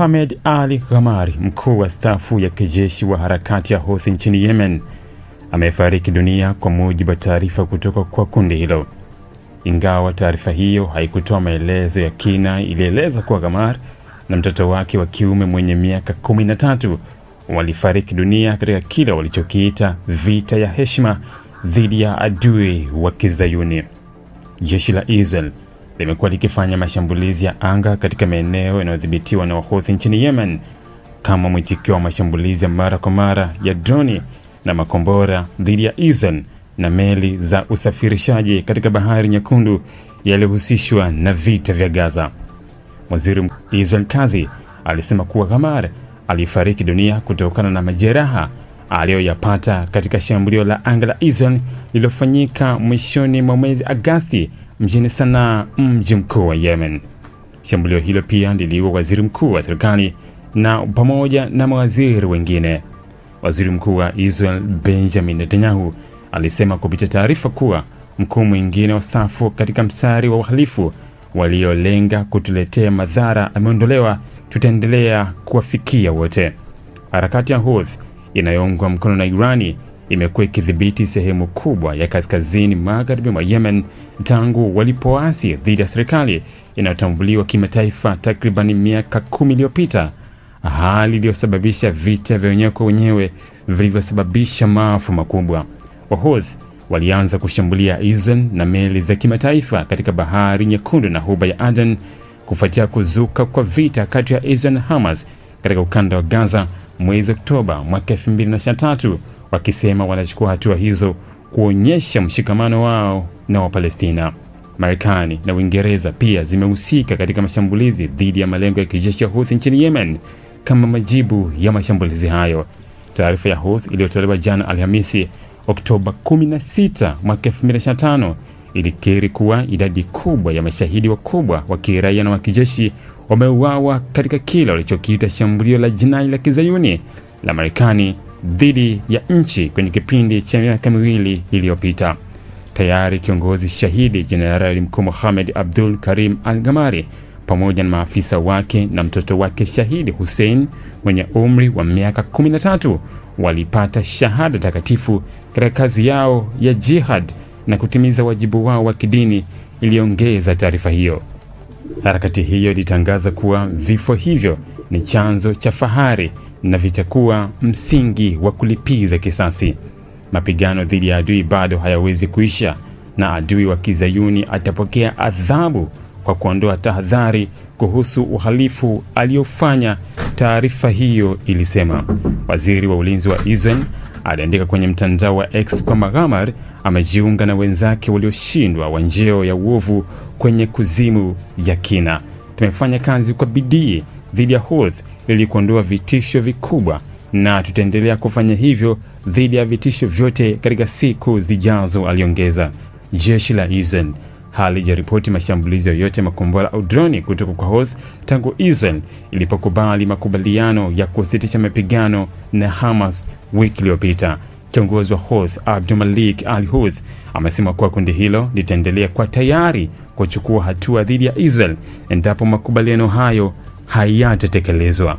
Mohamed Ali Ghamari, mkuu wa stafu ya kijeshi wa harakati ya Houthi nchini Yemen, amefariki dunia kwa mujibu wa taarifa kutoka kwa kundi hilo. Ingawa taarifa hiyo haikutoa maelezo ya kina, ilieleza kuwa Ghamari na mtoto wake wa kiume mwenye miaka 13 walifariki dunia katika kile walichokiita vita ya heshima dhidi ya adui wa Kizayuni. Jeshi la Israel limekuwa likifanya mashambulizi ya anga katika maeneo yanayodhibitiwa na Wahouthi nchini Yemen kama mwitikio wa mashambulizi ya mara kwa mara ya droni na makombora dhidi ya Israel na meli za usafirishaji katika Bahari Nyekundu yaliyohusishwa na vita vya Gaza. Waziri Israel kazi alisema kuwa ghamar alifariki dunia kutokana na majeraha aliyoyapata katika shambulio la anga la Israel lililofanyika mwishoni mwa mwezi Agasti mjini Sanaa, mji mkuu wa Yemen. Shambulio hilo pia liliua waziri mkuu wa serikali na pamoja na mawaziri wengine. Waziri mkuu wa Israel Benjamin Netanyahu alisema kupitia taarifa kuwa mkuu mwingine wa safu katika mstari wa uhalifu waliolenga kutuletea madhara ameondolewa, tutaendelea kuwafikia wote. Harakati ya Houthi inayoungwa mkono na Irani imekuwa ikidhibiti sehemu kubwa ya kaskazini magharibi mwa Yemen tangu walipoasi dhidi ya serikali inayotambuliwa kimataifa takribani miaka kumi iliyopita, hali iliyosababisha vita vya wenyewe kwa wenyewe vilivyosababisha maafa makubwa. Wahouthi walianza kushambulia Israel na meli za kimataifa katika Bahari Nyekundu na huba ya Aden kufuatia kuzuka kwa vita kati ya Israel na Hamas katika ukanda wa Gaza mwezi Oktoba mwaka 2023 wakisema wanachukua hatua hizo kuonyesha mshikamano wao na Wapalestina. Marekani na Uingereza pia zimehusika katika mashambulizi dhidi ya malengo ya kijeshi ya Houthi nchini Yemen kama majibu ya mashambulizi hayo. Taarifa ya Houthi iliyotolewa jana Alhamisi Oktoba 16 mwaka 2025 ilikiri kuwa idadi kubwa ya mashahidi wakubwa wa kiraia na wa kijeshi wameuawa katika kile walichokiita shambulio la jinai la kizayuni la Marekani dhidi ya nchi kwenye kipindi cha miaka miwili iliyopita. Tayari kiongozi shahidi jenerali mkuu Mohamed Abdul Karim Al-Gamari pamoja na maafisa wake na mtoto wake shahidi Hussein mwenye umri wa miaka 13 walipata shahada takatifu katika kazi yao ya jihad na kutimiza wajibu wao wa kidini, iliongeza taarifa hiyo. Harakati hiyo ilitangaza kuwa vifo hivyo ni chanzo cha fahari na vitakuwa msingi wa kulipiza kisasi. Mapigano dhidi ya adui bado hayawezi kuisha, na adui wa kizayuni atapokea adhabu kwa kuondoa tahadhari kuhusu uhalifu aliofanya, taarifa hiyo ilisema. Waziri wa ulinzi wa Israel aliandika kwenye mtandao wa X kwamba ghamar amejiunga na wenzake walioshindwa wa njeo ya uovu kwenye kuzimu ya kina. Tumefanya kazi kwa bidii dhidi ya Houthi ili kuondoa vitisho vikubwa na tutaendelea kufanya hivyo dhidi ya vitisho vyote katika siku zijazo, aliongeza. Jeshi la Israel halijaripoti mashambulizi yoyote makombora au droni kutoka kwa Houthi tangu Israel ilipokubali makubaliano ya kusitisha mapigano na Hamas wiki iliyopita. Kiongozi wa Houthi Abdulmalik al-Houthi amesema kuwa kundi hilo litaendelea kwa tayari kuchukua hatua dhidi ya Israel endapo makubaliano hayo hayatatekelezwa.